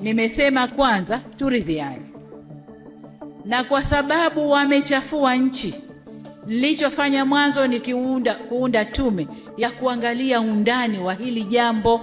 Nimesema kwanza turidhiane, na kwa sababu wamechafua nchi, nilichofanya mwanzo ni kiunda, kuunda tume ya kuangalia undani wa hili jambo.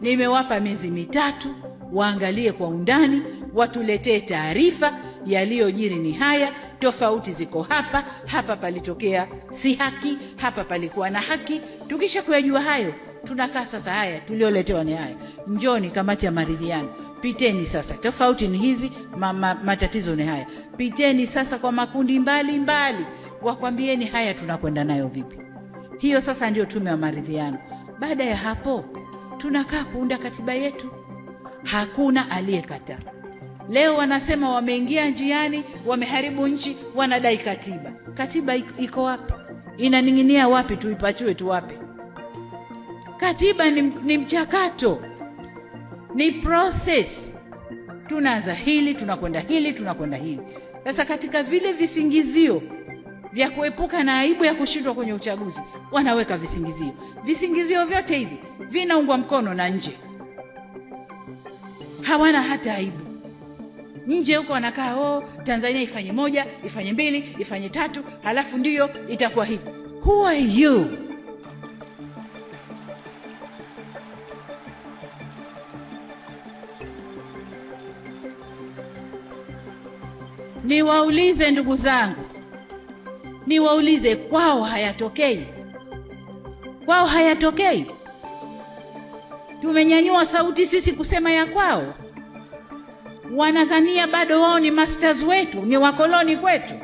Nimewapa miezi mitatu waangalie kwa undani, watuletee taarifa. Yaliyojiri ni haya, tofauti ziko hapa, hapa palitokea si haki, hapa palikuwa na haki. Tukisha kuyajua hayo tunakaa sasa, haya tulioletewa ni haya, njoni kamati ya maridhiano, piteni sasa, tofauti ni hizi ma, ma, matatizo ni haya, piteni sasa kwa makundi mbalimbali, wakwambieni haya tunakwenda nayo vipi. Hiyo sasa ndio tume ya maridhiano. Baada ya hapo, tunakaa kuunda katiba yetu. Hakuna aliyekataa. Leo wanasema wameingia njiani, wameharibu nchi, wanadai katiba. Katiba iko wapi? Inaning'inia wapi? Tuipachue tuwape? Katiba ni, ni mchakato, ni process. Tunaanza hili tunakwenda hili tunakwenda hili. Sasa katika vile visingizio vya kuepuka na aibu ya kushindwa kwenye uchaguzi, wanaweka visingizio. Visingizio vyote hivi vinaungwa mkono na nje, hawana hata aibu. Nje huko wanakaa oh, Tanzania ifanye moja, ifanye mbili, ifanye tatu, halafu ndiyo itakuwa hivi. Who are you? Niwaulize ndugu zangu, niwaulize, kwao hayatokei? Kwao hayatokei? Tumenyanyua sauti sisi kusema ya kwao, wanadhania bado wao ni masters wetu, ni wakoloni kwetu.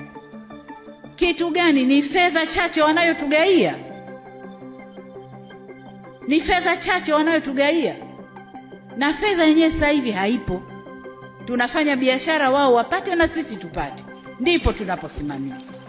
Kitu gani? Ni fedha chache wanayotugaia, ni fedha chache wanayotugaia, na fedha yenyewe sasa hivi haipo tunafanya biashara, wao wapate na sisi tupate, ndipo tunaposimamia.